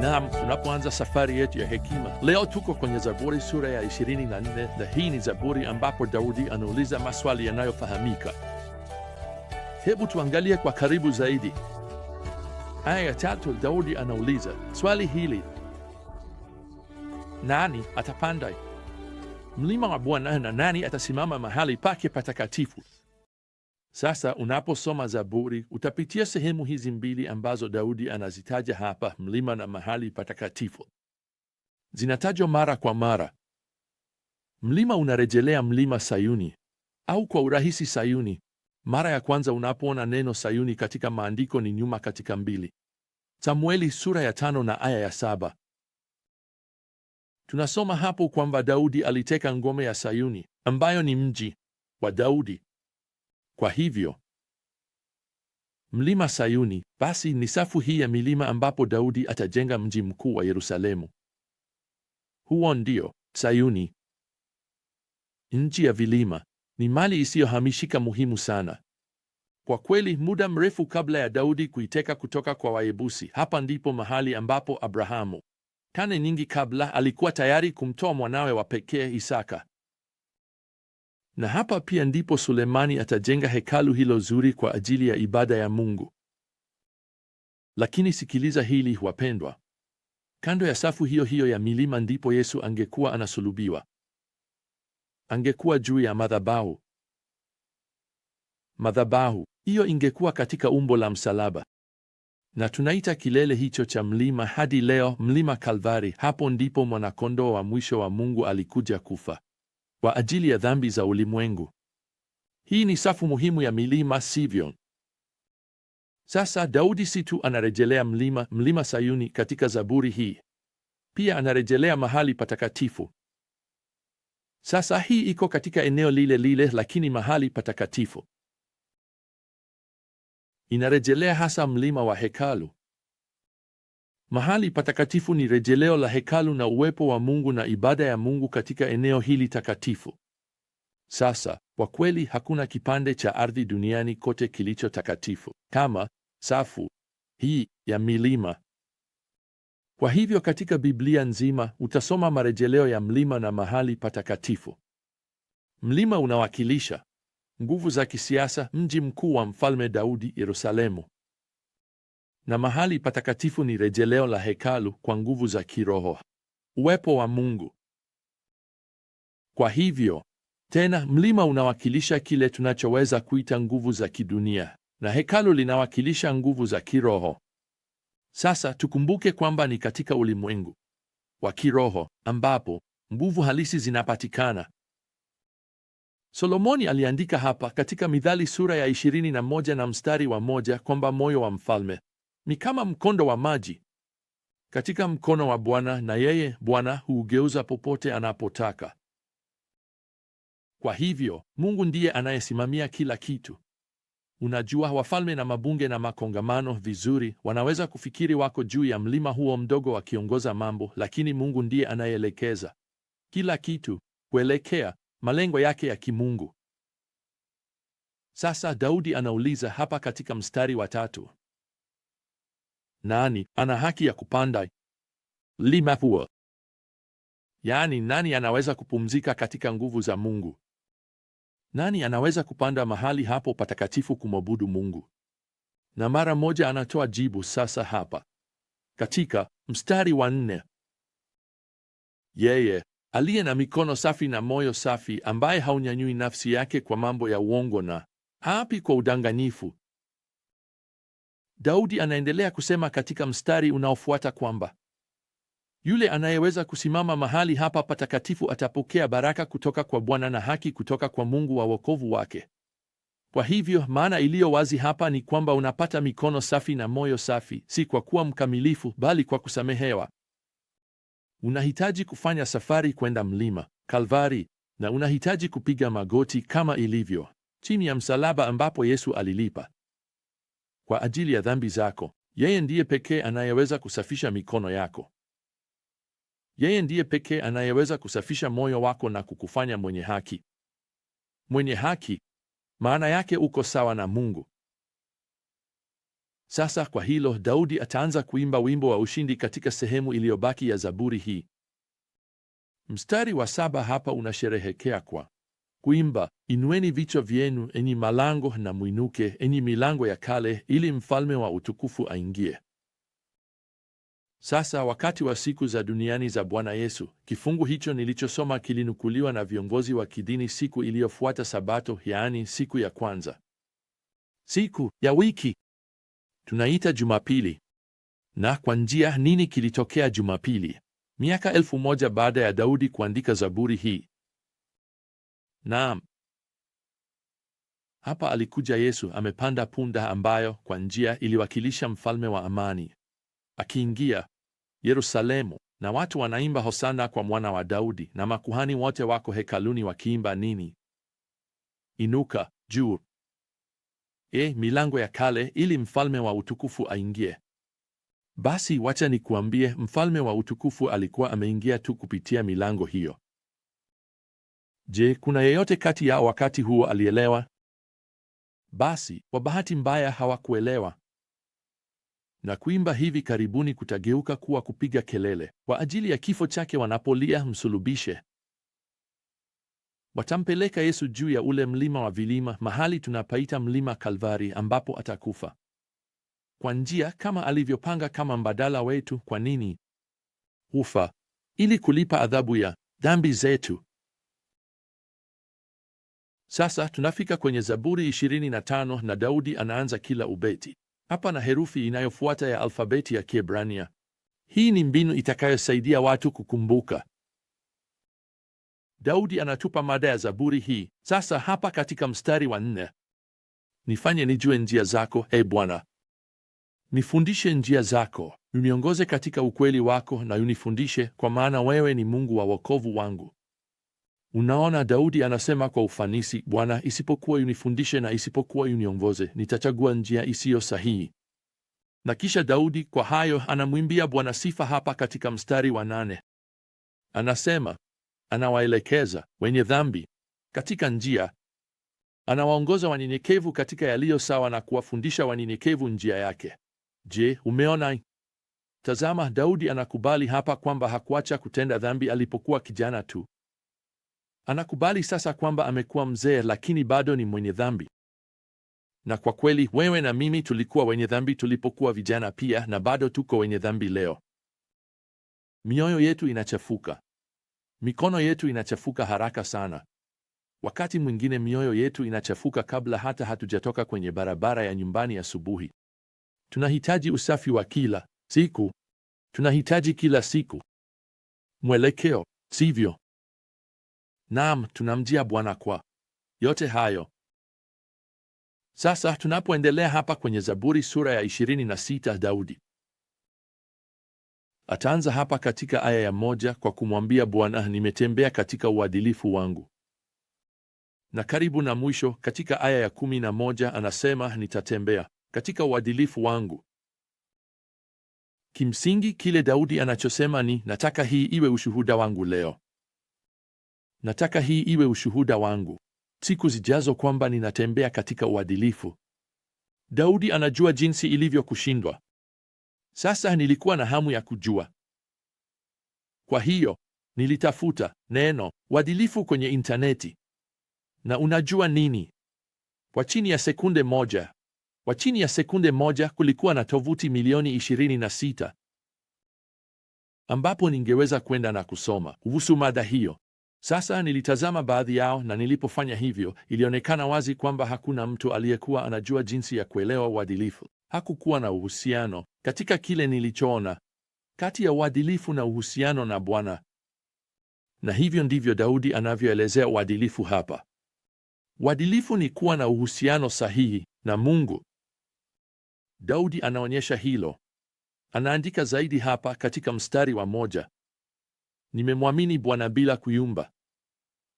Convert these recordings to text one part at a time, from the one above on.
na tunapoanza safari yetu ya hekima leo, tuko kwenye Zaburi sura ya 24 na hii ni Zaburi ambapo Daudi anauliza maswali yanayofahamika. Hebu tuangalie kwa karibu zaidi. Aya ya tatu, Daudi anauliza swali hili, nani atapanda mlima wa Bwana na nani atasimama mahali pake patakatifu? Sasa unaposoma Zaburi utapitia sehemu hizi mbili ambazo Daudi anazitaja hapa, mlima na mahali patakatifu. Zinatajwa mara kwa mara. Mlima unarejelea mlima Sayuni au kwa urahisi Sayuni. Mara ya kwanza unapoona neno Sayuni katika maandiko ni nyuma katika mbili Samueli sura ya tano na aya ya saba. Tunasoma hapo kwamba Daudi aliteka ngome ya Sayuni ambayo ni mji wa Daudi. Kwa hivyo mlima Sayuni basi ni safu hii ya milima ambapo Daudi atajenga mji mkuu wa Yerusalemu. Huo ndio Sayuni, nchi ya vilima. Ni mali isiyohamishika muhimu sana kwa kweli. Muda mrefu kabla ya Daudi kuiteka kutoka kwa Wayebusi, hapa ndipo mahali ambapo Abrahamu, karne nyingi kabla, alikuwa tayari kumtoa mwanawe wa pekee Isaka na hapa pia ndipo Sulemani atajenga hekalu hilo zuri kwa ajili ya ibada ya Mungu. Lakini sikiliza hili wapendwa, kando ya safu hiyo hiyo ya milima ndipo Yesu angekuwa anasulubiwa. Angekuwa juu ya madhabahu. Madhabahu hiyo ingekuwa katika umbo la msalaba, na tunaita kilele hicho cha mlima hadi leo mlima Kalvari. Hapo ndipo mwanakondoo wa mwisho wa Mungu alikuja kufa kwa ajili ya dhambi za ulimwengu. Hii ni safu muhimu ya milima, sivyo? Sasa Daudi si tu anarejelea mlima mlima Sayuni katika Zaburi hii, pia anarejelea mahali patakatifu. Sasa hii iko katika eneo lile lile, lakini mahali patakatifu. Inarejelea hasa mlima wa hekalu. Mahali patakatifu ni rejeleo la hekalu na uwepo wa Mungu na ibada ya Mungu katika eneo hili takatifu. Sasa kwa kweli hakuna kipande cha ardhi duniani kote kilicho takatifu kama safu hii ya milima. Kwa hivyo katika Biblia nzima utasoma marejeleo ya mlima na mahali patakatifu. Mlima unawakilisha nguvu za kisiasa, mji mkuu wa Mfalme Daudi, Yerusalemu na mahali patakatifu ni rejeleo la hekalu kwa nguvu za kiroho, uwepo wa Mungu. Kwa hivyo tena, mlima unawakilisha kile tunachoweza kuita nguvu za kidunia na hekalu linawakilisha nguvu za kiroho. Sasa tukumbuke kwamba ni katika ulimwengu wa kiroho ambapo nguvu halisi zinapatikana. Solomoni aliandika hapa katika Mithali sura ya 21 na mstari wa moja kwamba moyo wa mfalme ni kama mkondo wa maji katika mkono wa Bwana, na yeye Bwana huugeuza popote anapotaka. Kwa hivyo Mungu ndiye anayesimamia kila kitu. Unajua, wafalme na mabunge na makongamano vizuri wanaweza kufikiri wako juu ya mlima huo mdogo wakiongoza mambo, lakini Mungu ndiye anayeelekeza kila kitu kuelekea malengo yake ya kimungu. Sasa Daudi anauliza hapa katika mstari wa tatu, nani ana haki ya kupanda mlima huo? Yaani, nani anaweza kupumzika katika nguvu za Mungu? Nani anaweza kupanda mahali hapo patakatifu kumwabudu Mungu? Na mara moja anatoa jibu sasa hapa katika mstari wa nne: yeye aliye na mikono safi na moyo safi, ambaye haunyanyui nafsi yake kwa mambo ya uongo na hapi kwa udanganyifu, Daudi anaendelea kusema katika mstari unaofuata kwamba yule anayeweza kusimama mahali hapa patakatifu atapokea baraka kutoka kwa Bwana na haki kutoka kwa Mungu wa wokovu wake. Kwa hivyo maana iliyo wazi hapa ni kwamba unapata mikono safi na moyo safi, si kwa kuwa mkamilifu, bali kwa kusamehewa. Unahitaji kufanya safari kwenda mlima Kalvari, na unahitaji kupiga magoti kama ilivyo chini ya msalaba ambapo Yesu alilipa kwa ajili ya dhambi zako. Yeye ndiye pekee anayeweza kusafisha mikono yako. Yeye ndiye pekee anayeweza kusafisha moyo wako na kukufanya mwenye haki. Mwenye haki maana yake uko sawa na Mungu. Sasa kwa hilo, Daudi ataanza kuimba wimbo wa ushindi katika sehemu iliyobaki ya Zaburi hii. Mstari wa saba hapa unasherehekea kwa kuimba, inueni vichwa vyenu, enyi malango, na mwinuke, enyi milango ya kale, ili mfalme wa utukufu aingie. Sasa wakati wa siku za duniani za Bwana Yesu, kifungu hicho nilichosoma kilinukuliwa na viongozi wa kidini siku iliyofuata Sabato, yaani siku ya kwanza, siku ya wiki tunaita Jumapili. Na kwa njia, nini kilitokea Jumapili? Miaka elfu moja baada ya Daudi kuandika Zaburi hii, Naam. Hapa alikuja Yesu amepanda punda ambayo kwa njia iliwakilisha mfalme wa amani. Akiingia Yerusalemu na watu wanaimba hosana kwa mwana wa Daudi na makuhani wote wako hekaluni wakiimba nini? Inuka juu. E, milango ya kale ili mfalme wa utukufu aingie. Basi wacha nikuambie, mfalme wa utukufu alikuwa ameingia tu kupitia milango hiyo. Je, kuna yeyote kati yao wakati huo alielewa? Basi kwa bahati mbaya hawakuelewa, na kuimba hivi karibuni kutageuka kuwa kupiga kelele kwa ajili ya kifo chake wanapolia, msulubishe. Watampeleka Yesu juu ya ule mlima wa vilima, mahali tunapaita mlima Kalvari, ambapo atakufa kwa njia kama alivyopanga kama mbadala wetu. Kwa nini hufa? Ili kulipa adhabu ya dhambi zetu. Sasa tunafika kwenye Zaburi 25 na Daudi anaanza kila ubeti hapa na herufi inayofuata ya alfabeti ya Kiebrania. Hii ni mbinu itakayosaidia watu kukumbuka. Daudi anatupa mada ya zaburi hii sasa hapa katika mstari wa nne: nifanye nijue njia zako, e Bwana, nifundishe njia zako, uniongoze katika ukweli wako na unifundishe, kwa maana wewe ni Mungu wa wokovu wangu. Unaona, Daudi anasema kwa ufanisi, Bwana, isipokuwa unifundishe na isipokuwa uniongoze, nitachagua njia isiyo sahihi. Na kisha Daudi kwa hayo anamwimbia Bwana sifa. Hapa katika mstari wa nane anasema anawaelekeza wenye dhambi katika njia, anawaongoza wanyenyekevu katika yaliyo sawa, na kuwafundisha wanyenyekevu njia yake. Je, umeona? Tazama, Daudi anakubali hapa kwamba hakuacha kutenda dhambi alipokuwa kijana tu, Anakubali sasa kwamba amekuwa mzee, lakini bado ni mwenye dhambi. Na kwa kweli wewe na mimi tulikuwa wenye dhambi tulipokuwa vijana pia, na bado tuko wenye dhambi leo. Mioyo yetu inachafuka, mikono yetu inachafuka haraka sana. Wakati mwingine mioyo yetu inachafuka kabla hata hatujatoka kwenye barabara ya nyumbani asubuhi. Tunahitaji usafi wa kila siku, tunahitaji kila siku mwelekeo, sivyo? Naam, tunamjia Bwana kwa yote hayo. Sasa tunapoendelea hapa kwenye Zaburi sura ya 26, Daudi ataanza hapa katika aya ya moja kwa kumwambia Bwana, nimetembea katika uadilifu wangu, na karibu na mwisho katika aya ya kumi na moja anasema nitatembea katika uadilifu wangu. Kimsingi kile Daudi anachosema ni nataka hii iwe ushuhuda wangu leo Nataka hii iwe ushuhuda wangu siku zijazo kwamba ninatembea katika uadilifu. Daudi anajua jinsi ilivyo kushindwa. Sasa nilikuwa na hamu ya kujua, kwa hiyo nilitafuta neno uadilifu kwenye intaneti, na unajua nini? Kwa chini ya sekunde moja, kwa chini ya sekunde moja kulikuwa na tovuti milioni 26 ambapo ningeweza kwenda na kusoma kuhusu mada hiyo. Sasa nilitazama baadhi yao, na nilipofanya hivyo, ilionekana wazi kwamba hakuna mtu aliyekuwa anajua jinsi ya kuelewa uadilifu. Hakukuwa na uhusiano katika kile nilichoona kati ya uadilifu na uhusiano na Bwana, na hivyo ndivyo Daudi anavyoelezea uadilifu hapa. Uadilifu ni kuwa na uhusiano sahihi na Mungu. Daudi anaonyesha hilo. Anaandika zaidi hapa katika mstari wa moja nimemwamini Bwana bila kuyumba.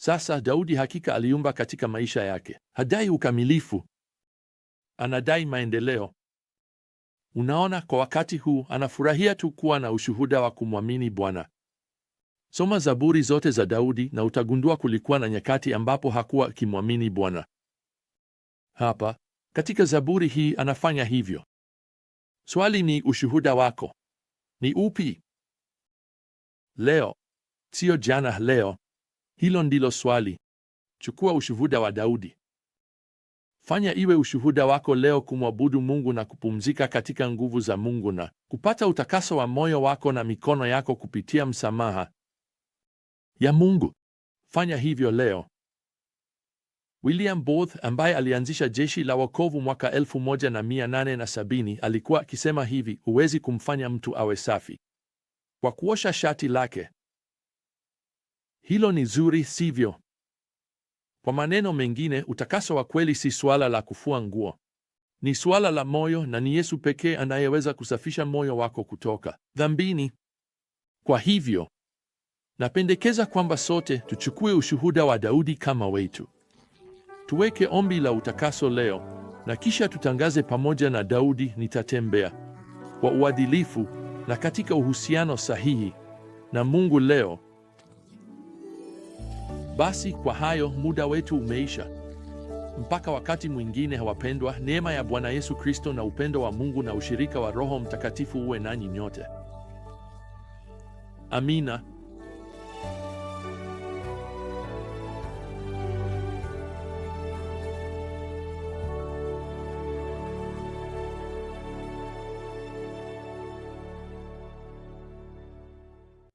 Sasa Daudi hakika aliumba katika maisha yake. Hadai ukamilifu, anadai maendeleo. Unaona, kwa wakati huu anafurahia tu kuwa na ushuhuda wa kumwamini Bwana. Soma Zaburi zote za Daudi na utagundua kulikuwa na nyakati ambapo hakuwa akimwamini Bwana. Hapa katika Zaburi hii anafanya hivyo. Swali ni, ushuhuda wako ni upi leo? siyo jana, leo. Hilo ndilo swali. Chukua ushuhuda wa Daudi. Fanya iwe ushuhuda wako leo kumwabudu Mungu na kupumzika katika nguvu za Mungu na kupata utakaso wa moyo wako na mikono yako kupitia msamaha ya Mungu. Fanya hivyo leo. William Booth ambaye alianzisha jeshi la wokovu mwaka 1870 alikuwa akisema hivi, huwezi kumfanya mtu awe safi kwa kuosha shati lake. Hilo ni zuri, sivyo? Kwa maneno mengine, utakaso wa kweli si suala la kufua nguo, ni suala la moyo, na ni Yesu pekee anayeweza kusafisha moyo wako kutoka dhambini. Kwa hivyo napendekeza kwamba sote tuchukue ushuhuda wa Daudi kama wetu, tuweke ombi la utakaso leo, na kisha tutangaze pamoja na Daudi, nitatembea kwa uadilifu na katika uhusiano sahihi na Mungu leo. Basi kwa hayo muda wetu umeisha. Mpaka wakati mwingine, hawapendwa, neema ya Bwana Yesu Kristo na upendo wa Mungu na ushirika wa Roho Mtakatifu uwe nanyi nyote. Amina.